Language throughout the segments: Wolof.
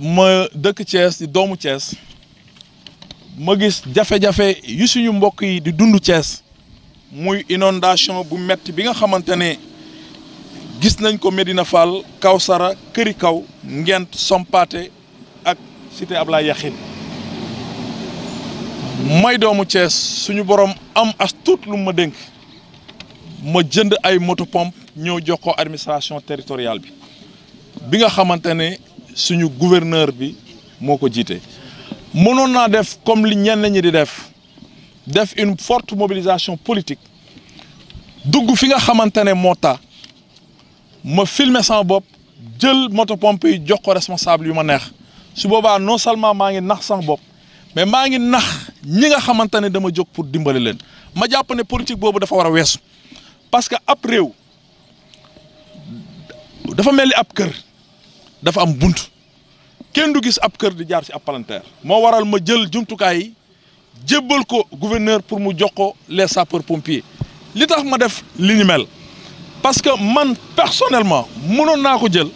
ma dëkk Thiès di doomu Thiès ma gis jafe-jafe yu suñu mbokk yi di dund Thiès muy inondation bu metti bi nga xamante ne gis nañ ko Medina Fall Kawsara Këri Kaw Ngent Sompaate ak cité Ablaye Yaxin may doomu Thiès suñu boroom am as lu ma dénk ma jënd ay moto pompe ñëw jox ko administration territoriale bi bi nga xamante suñu gouverneur bi moo ko jiite mënoon naa def comme li ñenn ñi di def def une forte mobilisation politique dugg fi nga xamante ne moo tax ma filmer sama bopp jël moto pompe yi jox ko responsable yu ma neex su boobaa non seulement maa ngi nax sama bopp mais maa ngi nax ñi nga xamante ne dama jóg pour dimbali leen ma jàpp ne politique boobu dafa war a weesu parce que ab réew dafa mel ni ab kër. dafa am bunt kenn du gis ab kër di jaar ci ab palanteer moo waral ma jël jumtukaay yi jébbal ko gouverneur pour mu jox ko les sapeurs pompiers li tax ma def li ñu mel parce que man personnellement mënoon naa ko jël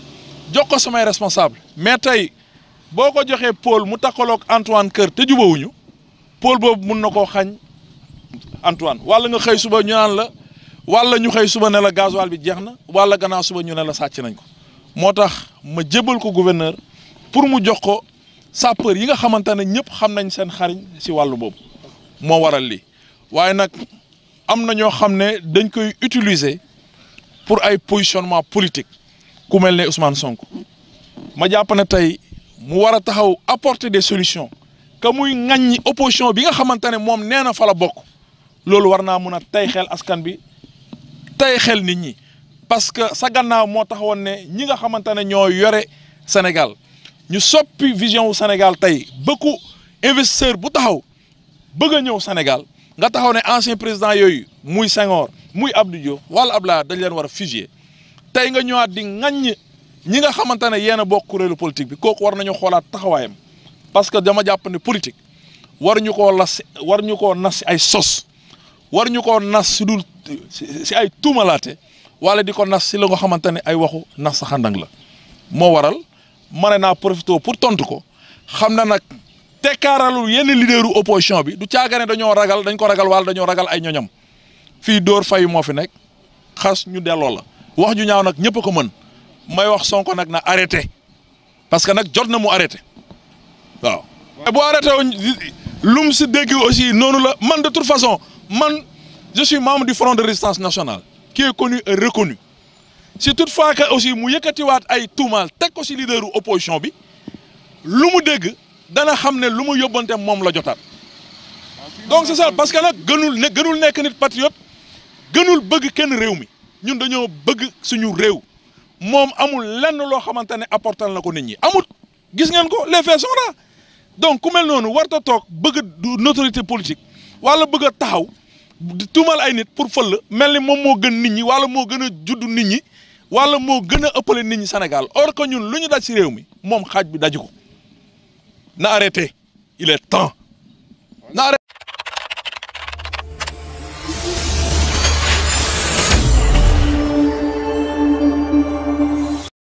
jox ko samay responsable mais tey boo ko joxee Paul mu takkaloog Antoine kër te jubawuñu Paul boobu mun na koo xañ Antoine wala nga xëy suba ñu naan la wala ñu xëy suba ne la gasoil bi jeex na wala gannaaw suba ñu ne la sàcc nañ ko ma jébbal ko gouverneur pour mu jox ko sapeur yi nga xamante ne ñëpp xam nañ seen xariñ si wàllu boobu moo waral li waaye nag am na ñoo xam ne dañ koy utiliser pour ay positionnement politique ku mel ne Ousmane Sonko ma jàpp ne tey mu war a taxaw apporter des solutions que muy ŋaññi opposition bi nga xamante ne moom nee na fa la bokk loolu war naa mun a tey xel askan bi tey xel nit ñi parce que sa gànnaaw moo taxawoon ne ñi nga xamante ne ñoo yore Sénégal ñu soppi vision wu Sénégal tey bëkku investisseur bu taxaw bëgg a ñëw Sénégal nga taxaw ne ancien président yooyu muy Senghor muy Abdou Diouf wala Abdoulaye dañ leen war a tey nga ñëwaat di ŋaññ ñi nga xamante ne yéen a bokk kuréelu politique bi kooku war nañu xoolaat taxawaayam parce que dama jàpp ne politique war ñu koo las war ñu koo nas si ay sos war ñu koo nas si dul si ay tuumalaate wala di nas ci la nga xamante ay waxu nas xandang la mo waral mane naa profité pour tontu ko xamna nak yenn leaderu opposition bi du caagane dañoo ragal dañ ko ragal wala dañoo ragal ay ñoñam fi dor fay mo fi nek xas ñu delo la wax ju ñaaw nak ñepp ko mën may wax sonko nak na arrêté parce que nak jotna mu arrêté waaw bu arrêté lum ci déggu aussi nonu la man de toute façon man je suis membre du front de résistance nationale qui est connu et reconnu si toutefois que aussi mu qui si opposition bi que dana xam ne lu donc c'est ça parce que nag gënul ne gënul nekk nit patriote gënul bëgg kenn ñun dañoo bëgg amul lenn lo na nit ñi amul gis ko les faits sont là donc ku mel du politique wala bëgg taxaw di tuumal ay nit pour fël mel ni moom moo gën nit ñi wala moo gën a judd nit ñi wala moo gën a ëppale nit ñi Sénégal or que ñun lu ñu daj si réew mi moom xaaj bi daju ko na arrêté il est temps na